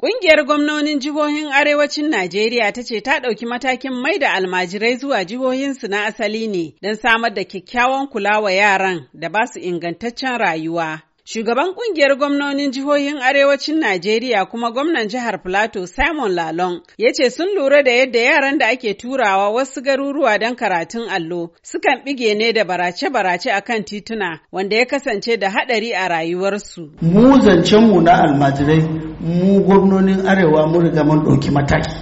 Ƙungiyar gwamnonin jihohin Arewacin Najeriya ta ce ta ɗauki matakin mai da almajirai zuwa jihohinsu na asali ne don samar da kyakkyawan kula wa yaran da ba su ingantaccen rayuwa. Shugaban kungiyar gwamnonin jihohin arewacin Najeriya kuma gwamnan jihar Plateau Simon Lalong ya ce sun lura da yadda yaran da ake turawa wasu garuruwa don karatun allo sukan bige ne da barace-barace a kan tituna wanda ya kasance da haɗari a rayuwarsu. Mu mu na almajirai mu gwamnonin arewa mu riga mun ɗauki mataki.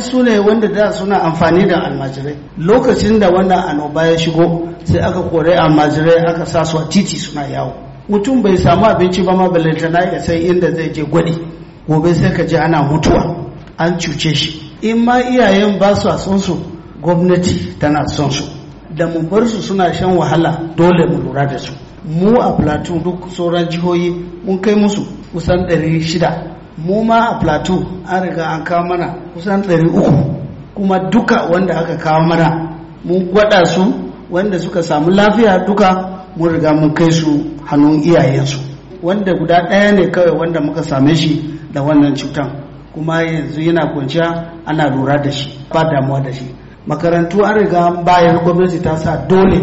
su ne wanda da suna amfani da almajirai lokacin da wannan annoba ya shigo sai aka kore almajirai aka sa su a titi suna yawo mutum bai samu abinci ba ma na ya sai inda zai je gwani gobe sai ka ji ana mutuwa an cuce shi in ma iyayen ba su a son su gwamnati tana son su da mu bar su suna shan wahala dole mu lura da su mu a plateau duk sauran jihohi mun kai musu kusan 600 mu ma a plateau an riga an kawo mana kusan 300 kuma duka wanda aka kawo mana mun gwada su wanda suka samu lafiya duka mun riga mun kai su hannun iyayensu wanda guda ɗaya ne kawai wanda muka same shi da wannan cutan kuma yanzu yana kwanciya ana lura da shi ba damuwa da shi makarantu an riga bayan gwamnati ta sa dole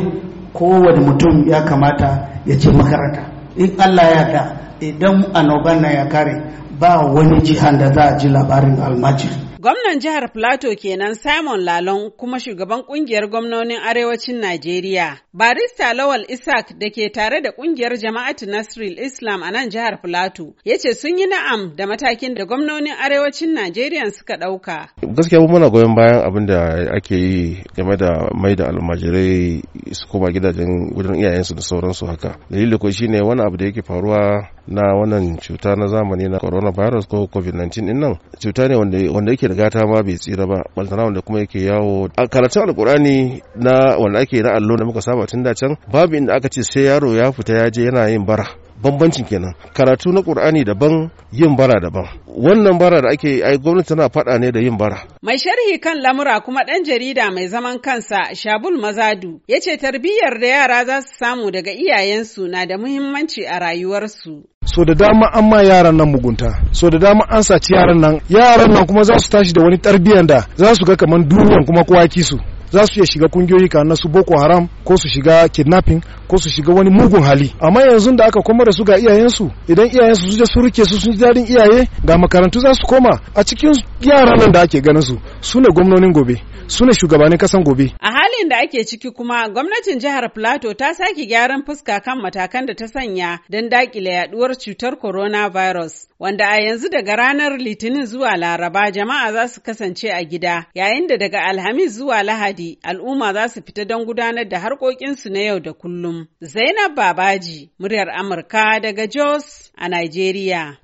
kowane mutum ya kamata ya ce makaranta in allah ya da idan annoban nan ya kare ba wani jihan da za a ji labarin almajiri Gwamnan jihar Plateau kenan Simon Lalon kuma shugaban kungiyar gwamnonin arewacin Najeriya. Barista Lawal Isaac da ke tare da kungiyar jama'atu Nasril Islam a nan jihar Plateau ya ce sun yi na'am da matakin da gwamnonin arewacin Najeriya suka ɗauka. Gaskiya mu muna goyon bayan abin da ake yi game da mai da almajirai su koma gidajen gudun iyayensu da sauransu haka. Dalili ko shine wani abu da yake faruwa na wannan cuta na zamani na coronavirus ko covid-19 din nan cuta ne wanda yake da gata ma bai tsira ba baltana wanda kuma yake yawo a karatun alkurani na wanda ake na allo da muka saba tun da can babu inda aka ce sai yaro ya fita ya je yana yin bara bambancin kenan karatu na qur'ani daban yin bara daban wannan bara da ake ai gwamnati tana faɗa ne da yin bara mai sharhi kan lamura kuma ɗan jarida mai zaman kansa shabul mazadu ya ce tarbiyyar da yara za su samu daga iyayensu na da muhimmanci a rayuwarsu so da dama an ma yaran nan mugunta so da dama an saci yaran nan yaran nan kuma za su tashi da wani tarbiyyar da za su ga kamar duniyan kuma kowa su za su iya shiga kungiyoyi ka na su boko haram ko su shiga kidnapping ko su shiga wani mugun hali amma yanzu da aka koma da su ga iyayensu idan iyayensu su je su rike su sun ji dadin iyaye ga makarantu za su koma a cikin yaran nan da ake ganin su su ne gwamnonin gobe su ne shugabannin kasan gobe a halin da ake ciki kuma gwamnatin jihar Plateau ta sake gyaran fuska kan matakan da ta sanya don dakile yaduwar cutar coronavirus wanda a yanzu daga ranar litinin zuwa laraba jama'a za su kasance a gida yayin da daga alhamis zuwa lahadi al'umma za su fita don gudanar da harkokinsu na yau da kullum. Zainab Babaji, muryar Amurka daga Jos a Nigeria.